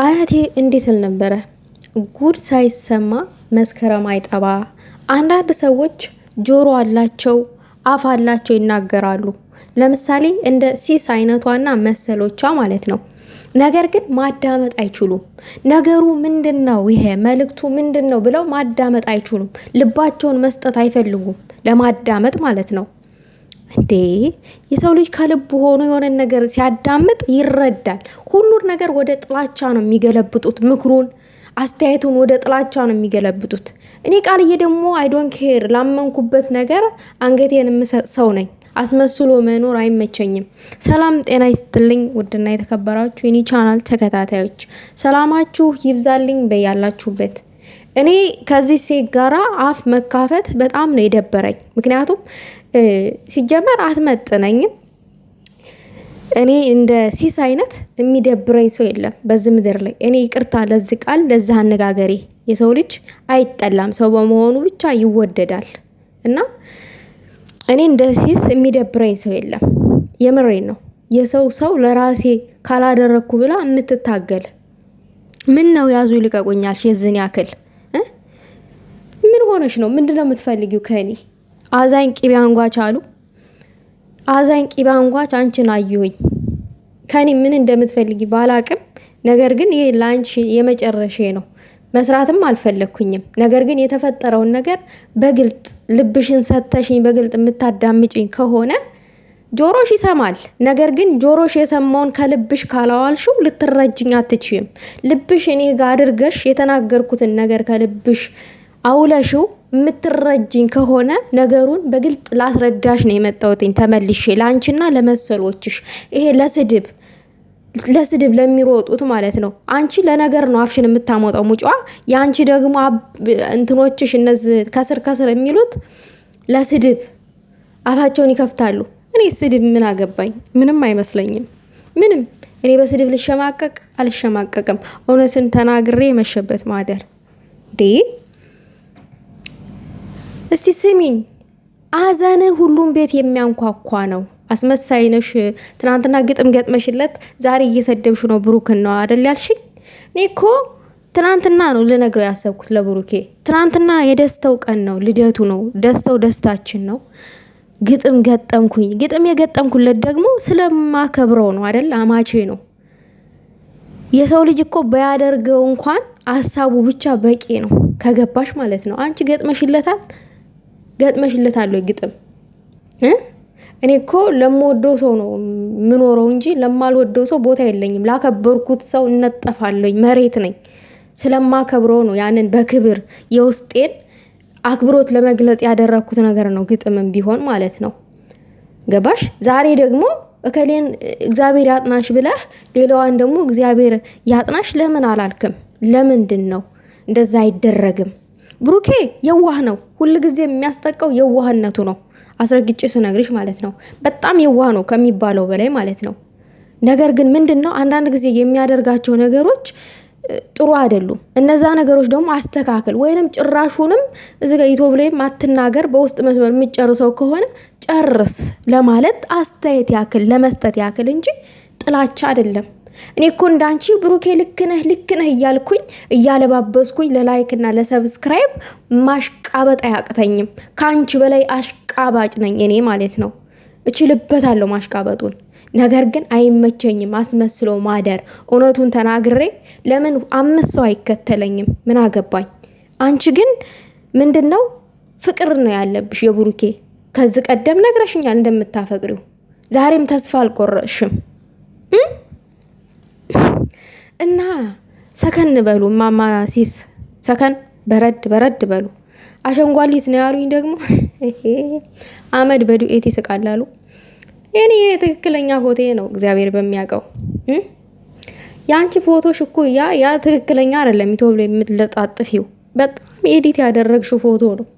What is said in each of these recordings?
አያቴ እንዴት ል ነበረ ጉድ ሳይሰማ መስከረም አይጠባ። አንዳንድ ሰዎች ጆሮ አላቸው፣ አፍ አላቸው፣ ይናገራሉ። ለምሳሌ እንደ ሲስ አይነቷና መሰሎቿ ማለት ነው። ነገር ግን ማዳመጥ አይችሉም። ነገሩ ምንድን ነው? ይሄ መልእክቱ ምንድን ነው ብለው ማዳመጥ አይችሉም። ልባቸውን መስጠት አይፈልጉም ለማዳመጥ ማለት ነው። እንዴ የሰው ልጅ ከልቡ ሆኖ የሆነን ነገር ሲያዳምጥ ይረዳል። ሁሉን ነገር ወደ ጥላቻ ነው የሚገለብጡት። ምክሩን፣ አስተያየቱን ወደ ጥላቻ ነው የሚገለብጡት። እኔ ቃልዬ ደግሞ አይዶን ኬር ላመንኩበት ነገር አንገቴን የምሰጥ ሰው ነኝ። አስመስሎ መኖር አይመቸኝም። ሰላም ጤና ይስጥልኝ። ውድና የተከበራችሁ የኒ ቻናል ተከታታዮች ሰላማችሁ ይብዛልኝ በያላችሁበት እኔ ከዚህ ሴት ጋራ አፍ መካፈት በጣም ነው የደበረኝ። ምክንያቱም ሲጀመር አትመጥነኝም። እኔ እንደ ሲስ አይነት የሚደብረኝ ሰው የለም በዚህ ምድር ላይ። እኔ ይቅርታ ለዚህ ቃል ለዚህ አነጋገሬ። የሰው ልጅ አይጠላም፣ ሰው በመሆኑ ብቻ ይወደዳል። እና እኔ እንደ ሲስ የሚደብረኝ ሰው የለም። የምሬን ነው። የሰው ሰው ለራሴ ካላደረግኩ ብላ የምትታገል ምን ነው ያዙ ይልቀቁኛል የዝን ያክል ምን ሆነሽ ነው? ምንድነው የምትፈልጊው ከኔ አዛኝ ቂቤ አንጓች አሉ። አዛኝ ቂቤ አንጓች አንቺን አየሁኝ። ከኔ ምን እንደምትፈልጊ ባላቅም፣ ነገር ግን ይሄ ለአንቺ የመጨረሼ ነው። መስራትም አልፈለግኩኝም። ነገር ግን የተፈጠረውን ነገር በግልጥ ልብሽን ሰተሽኝ በግልጥ የምታዳምጭኝ ከሆነ ጆሮሽ ይሰማል። ነገር ግን ጆሮሽ የሰማውን ከልብሽ ካላዋልሽው ልትረጅኝ አትችይም። ልብሽ እኔ ጋር አድርገሽ የተናገርኩትን ነገር ከልብሽ አውለሽው የምትረጅኝ ከሆነ ነገሩን በግልጥ ላስረዳሽ ነው የመጣሁትኝ ተመልሼ ለአንቺና ለመሰሎችሽ። ይሄ ለስድብ ለስድብ ለሚሮጡት ማለት ነው። አንቺ ለነገር ነው አፍሽን የምታሞጠው ሙጫ፣ የአንቺ ደግሞ እንትኖችሽ እነዚህ ከስር ከስር የሚሉት ለስድብ አፋቸውን ይከፍታሉ። እኔ ስድብ ምን አገባኝ? ምንም አይመስለኝም። ምንም እኔ በስድብ ልሸማቀቅ አልሸማቀቅም። እውነትን ተናግሬ የመሸበት ማደር ዴ እስቲ ስሚኝ፣ አዘን ሁሉም ቤት የሚያንኳኳ ነው። አስመሳይ ነሽ። ትናንትና ግጥም ገጥመሽለት ዛሬ እየሰደብሽ ነው ብሩክን ነው አደል ያልሽኝ? እኔ እኮ ትናንትና ነው ልነግረው ያሰብኩት ለብሩኬ። ትናንትና የደስተው ቀን ነው፣ ልደቱ ነው፣ ደስተው ደስታችን ነው። ግጥም ገጠምኩኝ። ግጥም የገጠምኩለት ደግሞ ስለማከብረው ነው አደል? አማቼ ነው። የሰው ልጅ እኮ በያደርገው እንኳን አሳቡ ብቻ በቂ ነው። ከገባሽ ማለት ነው። አንቺ ገጥመሽለታል። ገጥመሽለታል ግጥም? እኔ እኮ ለምወደው ሰው ነው የምኖረው እንጂ ለማልወደው ሰው ቦታ የለኝም። ላከበርኩት ሰው እነጠፋለኝ፣ መሬት ነኝ። ስለማከብረው ነው ያንን በክብር የውስጤን አክብሮት ለመግለጽ ያደረግኩት ነገር ነው፣ ግጥምም ቢሆን ማለት ነው። ገባሽ? ዛሬ ደግሞ እከሌን እግዚአብሔር ያጥናሽ ብለህ ሌላዋን ደግሞ እግዚአብሔር ያጥናሽ ለምን አላልክም? ለምንድን ነው እንደዛ አይደረግም? ብሩኬ የዋህ ነው። ጊዜ የሚያስጠቀው የዋህነቱ ነው። አስረግጬ ስነግርሽ ማለት ነው። በጣም የዋህ ነው ከሚባለው በላይ ማለት ነው። ነገር ግን ምንድን ነው አንዳንድ ጊዜ የሚያደርጋቸው ነገሮች ጥሩ አይደሉም። እነዛ ነገሮች ደግሞ አስተካክል ወይንም ጭራሹንም እዚ ጋ ይቶ ብሎ ማትናገር በውስጥ መስመር የሚጨርሰው ከሆነ ጨርስ ለማለት አስተያየት ያክል ለመስጠት ያክል እንጂ ጥላቻ አይደለም። እኔ እኮ እንዳንቺ ብሩኬ ልክ ነህ ልክ ነህ እያልኩኝ እያለባበስኩኝ ለላይክና ለሰብስክራይብ ማሽቃበጥ አያቅተኝም። ከአንቺ በላይ አሽቃባጭ ነኝ እኔ ማለት ነው። እችልበታለሁ ማሽቃበጡን። ነገር ግን አይመቸኝም አስመስሎ ማደር። እውነቱን ተናግሬ ለምን አምስት ሰው አይከተለኝም? ምን አገባኝ? አንቺ ግን ምንድን ነው ፍቅር ነው ያለብሽ የብሩኬ። ከዚህ ቀደም ነግረሽኛል እንደምታፈቅሪው። ዛሬም ተስፋ አልቆረጥሽም። እና ሰከን በሉ ማማ ሲስ ሰከን በረድ በረድ በሉ። አሸንጓሊት ነው ያሉኝ ደግሞ አመድ በዱኤት ይስቃላሉ። እኔ ትክክለኛ ፎቴ ነው እግዚአብሔር በሚያውቀው የአንቺ ፎቶሽ እኮ ያ ያ ትክክለኛ አይደለም። ኢትዮ ብሎ የምትለጣጥፊው በጣም ኤዲት ያደረግሽው ፎቶ ነው።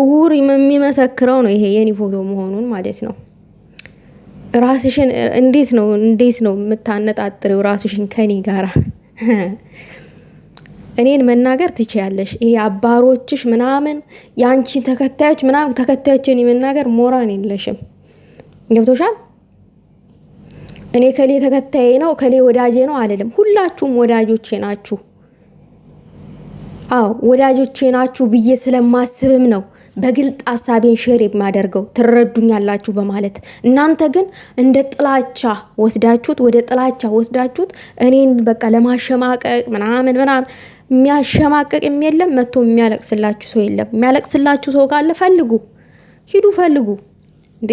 እውር የሚመሰክረው ነው ይሄ የኔ ፎቶ መሆኑን ማለት ነው። ራስሽን እንዴት ነው እንዴት ነው የምታነጣጥሪው ራስሽን ከኔ ጋራ? እኔን መናገር ትችያለሽ። ይሄ አባሮችሽ ምናምን የአንቺ ተከታዮች ምናምን ተከታዮችን የመናገር ሞራን የለሽም። ገብቶሻል? እኔ ከሌ ተከታዬ ነው ከሌ ወዳጄ ነው አልልም። ሁላችሁም ወዳጆቼ ናችሁ። አዎ ወዳጆቼ ናችሁ ብዬ ስለማስብም ነው በግልጥ ሀሳቤን ሼር የማደርገው ትረዱኛላችሁ በማለት እናንተ ግን እንደ ጥላቻ ወስዳችሁት ወደ ጥላቻ ወስዳችሁት እኔን በቃ ለማሸማቀቅ ምናምን ምናምን የሚያሸማቀቅም የለም መቶ የሚያለቅስላችሁ ሰው የለም። የሚያለቅስላችሁ ሰው ካለ ፈልጉ፣ ሂዱ ፈልጉ እንዴ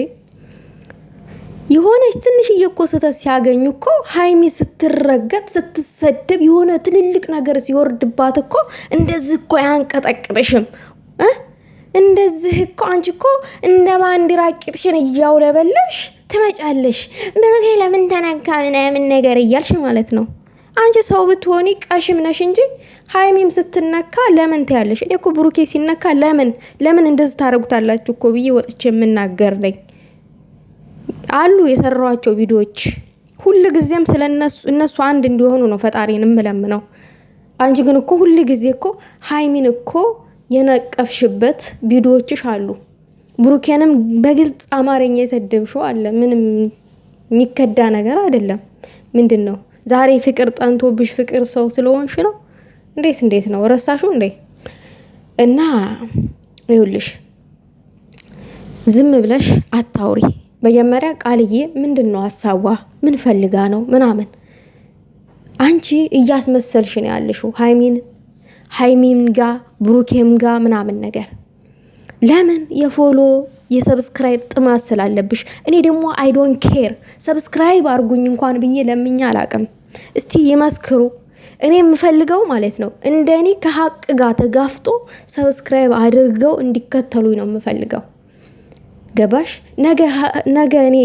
የሆነች ትንሽዬ እኮ ስተ ሲያገኙ እኮ ሀይሚ ስትረገጥ ስትሰደብ የሆነ ትልልቅ ነገር ሲወርድባት እኮ እንደዚህ እኮ አያንቀጠቅጥሽም። እንደዚህ እኮ አንቺ እኮ እንደ ባንዲራ ቂጥሽን እያውለበለብሽ ትመጫለሽ። ብሩኬ ለምን ተነካ ምናምን ነገር እያልሽ ማለት ነው። አንቺ ሰው ብትሆኒ ቀሽም ነሽ እንጂ ሀይሚም ስትነካ ለምን ትያለሽ? እኔ እኮ ብሩኬ ሲነካ ለምን ለምን እንደዚህ ታደረጉታላችሁ እኮ ብዬ ወጥቼ የምናገር ነኝ። አሉ የሰሯቸው ቪዲዮዎች ሁል ጊዜም ስለ እነሱ አንድ እንዲሆኑ ነው ፈጣሪን እምለምነው። አንቺ ግን እኮ ሁል ጊዜ እኮ ሀይሚን እኮ የነቀፍሽበት ቪዲዮዎችሽ አሉ። ብሩኬንም በግልጽ አማርኛ የሰደብሽው አለ። ምንም የሚከዳ ነገር አይደለም። ምንድን ነው ዛሬ ፍቅር ጠንቶብሽ ፍቅር ሰው ስለሆንሽ ነው? እንዴት እንዴት ነው ረሳሹ እንዴ? እና ይኸውልሽ ዝም ብለሽ አታውሪ። መጀመሪያ ቃልዬ ምንድን ነው ሀሳቧ? ምን ፈልጋ ነው ምናምን አንቺ እያስመሰልሽ ነው ያለሽው ሀይሚን ሀይሚም ጋ ብሩኬም ጋ ምናምን ነገር ለምን የፎሎ የሰብስክራይብ ጥማት ስላለብሽ። እኔ ደግሞ አይዶን ኬር ሰብስክራይብ አርጉኝ እንኳን ብዬ ለምኝ አላቅም። እስቲ ይመስክሩ። እኔ የምፈልገው ማለት ነው እንደ እኔ ከሀቅ ጋር ተጋፍጦ ሰብስክራይብ አድርገው እንዲከተሉኝ ነው የምፈልገው። ገባሽ? ነገ እኔ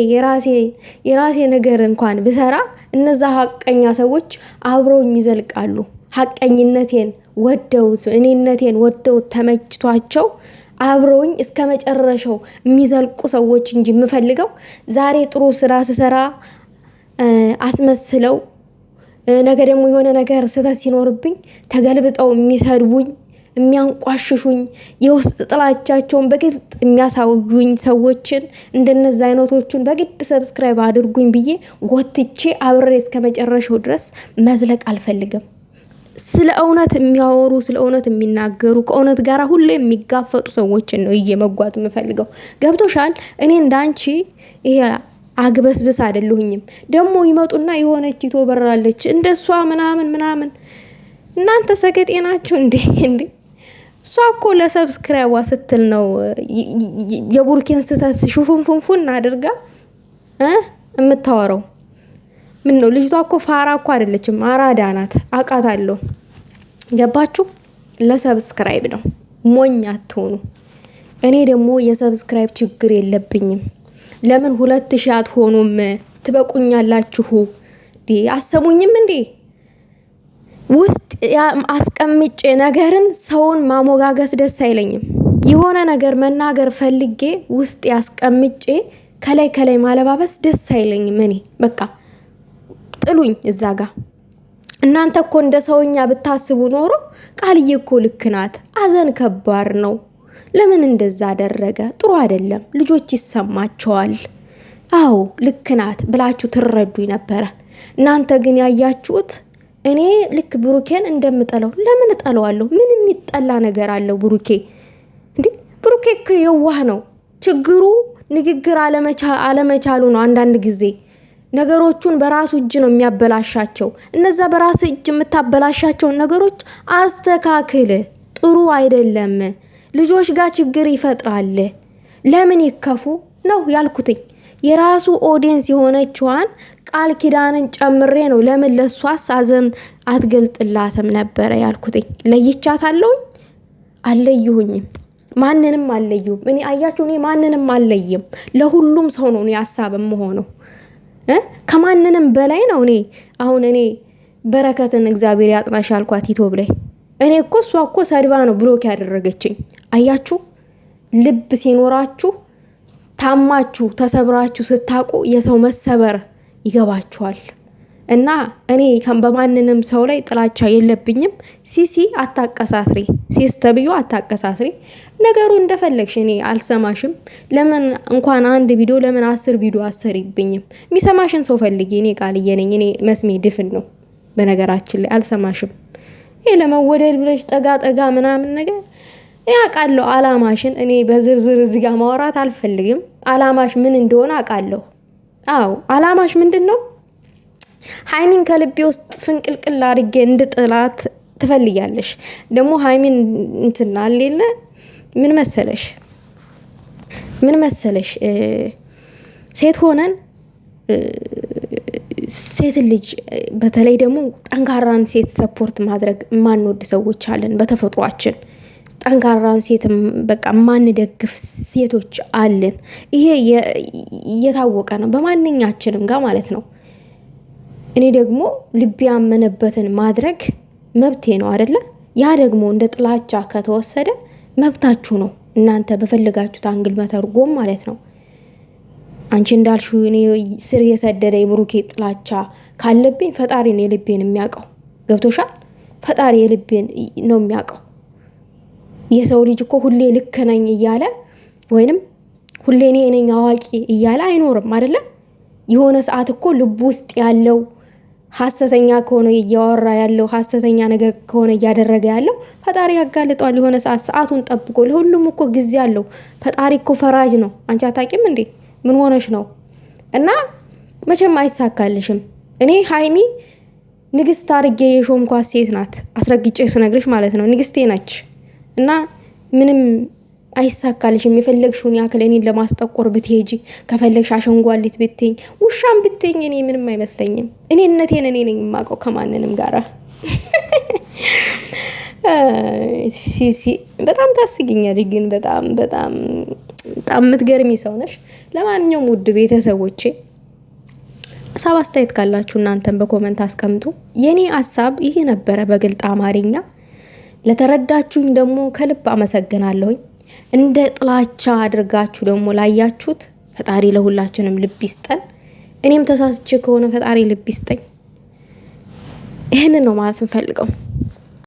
የራሴ ነገር እንኳን ብሰራ እነዛ ሀቀኛ ሰዎች አብረውኝ ይዘልቃሉ ሀቀኝነቴን ወደው እኔነቴን ወደው ተመችቷቸው አብረውኝ እስከ መጨረሻው የሚዘልቁ ሰዎች እንጂ የምፈልገው ዛሬ ጥሩ ስራ ስሰራ አስመስለው ነገ ደግሞ የሆነ ነገር ስህተት ሲኖርብኝ ተገልብጠው የሚሰድቡኝ፣ የሚያንቋሽሹኝ፣ የውስጥ ጥላቻቸውን በግልጥ የሚያሳዩኝ ሰዎችን እንደነዚ አይነቶቹን በግድ ሰብስክራይብ አድርጉኝ ብዬ ጎትቼ አብሬ እስከ መጨረሻው ድረስ መዝለቅ አልፈልግም። ስለ እውነት የሚያወሩ ስለ እውነት የሚናገሩ ከእውነት ጋር ሁሌ የሚጋፈጡ ሰዎችን ነው እየመጓዝ የምፈልገው። ገብቶሻል? እኔ እንዳንቺ ይሄ አግበስብስ አይደለሁኝም። ደግሞ ይመጡና የሆነች ይቶ በራለች እንደሷ ምናምን ምናምን። እናንተ ሰገጤ ናችሁ እንዴ? እንዴ እሷ እኮ ለሰብስክራይቧ ስትል ነው የቡርኬን ስህተት ሽፉንፉንፉን አድርጋ የምታወረው። ምን ነው ልጅቷ እኮ ፋራ እኮ አይደለችም፣ አራዳ ናት። አውቃታለሁ። ገባችሁ? ለሰብስክራይብ ነው። ሞኝ አትሆኑ። እኔ ደግሞ የሰብስክራይብ ችግር የለብኝም። ለምን ሁለት ሺ አትሆኑም? ትበቁኛላችሁ። አሰሙኝም እንዴ ውስጥ አስቀምጬ ነገርን ሰውን ማሞጋገስ ደስ አይለኝም። የሆነ ነገር መናገር ፈልጌ ውስጥ ያስቀምጬ ከላይ ከላይ ማለባበስ ደስ አይለኝም። እኔ በቃ ጥሉኝ እዛ ጋ። እናንተ እኮ እንደ ሰውኛ ብታስቡ ኖሮ ቃልዬ እኮ ልክ ናት። አዘን ከባድ ነው። ለምን እንደዛ አደረገ? ጥሩ አይደለም። ልጆች ይሰማቸዋል። አዎ ልክ ናት ብላችሁ ትረዱኝ ነበረ። እናንተ ግን ያያችሁት እኔ ልክ ብሩኬን እንደምጠለው ለምን እጠለዋለሁ? ምን የሚጠላ ነገር አለው? ብሩኬ እንዲ ብሩኬ እኮ የዋህ ነው። ችግሩ ንግግር አለመቻሉ ነው አንዳንድ ጊዜ ነገሮቹን በራሱ እጅ ነው የሚያበላሻቸው። እነዛ በራስ እጅ የምታበላሻቸውን ነገሮች አስተካክል። ጥሩ አይደለም። ልጆች ጋር ችግር ይፈጥራል። ለምን ይከፉ ነው ያልኩትኝ። የራሱ ኦዲየንስ የሆነችዋን ቃል ኪዳንን ጨምሬ ነው ለምን ለሷስ አዘን አትገልጥላትም ነበረ ያልኩትኝ። አለውኝ አለይሁኝም። ማንንም አለይሁም። እኔ አያችሁ፣ እኔ ማንንም አለይም። ለሁሉም ሰው ነው ሀሳብ ከማንንም በላይ ነው። እኔ አሁን እኔ በረከትን እግዚአብሔር ያጥናሽ አልኳት ቲቶብ ላይ እኔ እኮ እሷ እኮ ሰድባ ነው ብሎክ ያደረገችኝ። አያችሁ፣ ልብ ሲኖራችሁ ታማችሁ ተሰብራችሁ ስታውቁ የሰው መሰበር ይገባችኋል። እና እኔ በማንንም ሰው ላይ ጥላቻ የለብኝም። ሲሲ አታቀሳስሪ፣ ሲስ ተብዮ አታቀሳስሪ። ነገሩ እንደፈለግሽ እኔ አልሰማሽም። ለምን እንኳን አንድ ቪዲዮ ለምን አስር ቪዲዮ አሰሪብኝም? የሚሰማሽን ሰው ፈልጊ። እኔ ቃልዬ ነኝ። እኔ መስሜ ድፍን ነው። በነገራችን ላይ አልሰማሽም። ይሄ ለመወደድ ብለሽ ጠጋ ጠጋ ምናምን ነገር አውቃለሁ። አላማሽን እኔ በዝርዝር እዚህ ጋር ማውራት አልፈልግም። አላማሽ ምን እንደሆነ አውቃለሁ። አዎ አላማሽ ምንድን ነው? ሀይሚን ከልቤ ውስጥ ፍንቅልቅል አድርጌ እንድጥላት ትፈልጊያለሽ። ደግሞ ሀይሚን እንትናል የለ ምን መሰለሽ ምን መሰለሽ ሴት ሆነን ሴት ልጅ በተለይ ደግሞ ጠንካራን ሴት ሰፖርት ማድረግ የማንወድ ሰዎች አለን። በተፈጥሯችን ጠንካራን ሴት በቃ የማንደግፍ ሴቶች አለን። ይሄ እየታወቀ ነው በማንኛችንም ጋር ማለት ነው። እኔ ደግሞ ልቤ ያመነበትን ማድረግ መብቴ ነው አደለ? ያ ደግሞ እንደ ጥላቻ ከተወሰደ መብታችሁ ነው። እናንተ በፈለጋችሁት አንግል መተርጎም ማለት ነው። አንቺ እንዳልሽው እኔ ስር የሰደደ የብሩኬ ጥላቻ ካለብኝ ፈጣሪ ነው የልቤን የሚያውቀው። ገብቶሻል? ፈጣሪ የልቤን ነው የሚያውቀው። የሰው ልጅ እኮ ሁሌ ልክ ነኝ እያለ ወይንም ሁሌ እኔ ነኝ አዋቂ እያለ አይኖርም አይደለም። የሆነ ሰዓት እኮ ልብ ውስጥ ያለው ሀሰተኛ ከሆነ እያወራ ያለው ሀሰተኛ ነገር ከሆነ እያደረገ ያለው ፈጣሪ ያጋልጧል። የሆነ ሰዓት ሰዓቱን ጠብቆ ለሁሉም እኮ ጊዜ አለው። ፈጣሪ እኮ ፈራጅ ነው። አንቺ አታቂም እንዴ? ምን ሆነሽ ነው? እና መቼም አይሳካልሽም። እኔ ሀይሚ ንግስት አርጌ የሾምኳት ሴት ናት። አስረግጬ ስነግርሽ ማለት ነው። ንግስቴ ነች እና ምንም አይሳካልሽም። የፈለግሽውን ያክል እኔን ለማስጠቆር ብትሄጂ፣ ከፈለግሽ አሸንጓሊት ብትኝ፣ ውሻም ብትኝ እኔ ምንም አይመስለኝም። እኔነቴን እኔ ነኝ የማውቀው ከማንንም ጋራ በጣም ታስግኛል። ግን በጣም በጣም በጣም የምትገርሚ ሰው ነሽ። ለማንኛውም ውድ ቤተሰቦቼ ሀሳብ አስተያየት ካላችሁ እናንተን በኮመንት አስቀምጡ። የኔ ሀሳብ ይሄ ነበረ በግልጽ አማርኛ። ለተረዳችሁኝ ደግሞ ከልብ አመሰግናለሁኝ። እንደ ጥላቻ አድርጋችሁ ደግሞ ላያችሁት ፈጣሪ ለሁላችንም ልብ ይስጠን። እኔም ተሳስቼ ከሆነ ፈጣሪ ልብ ይስጠኝ። ይህንን ነው ማለት እንፈልገው።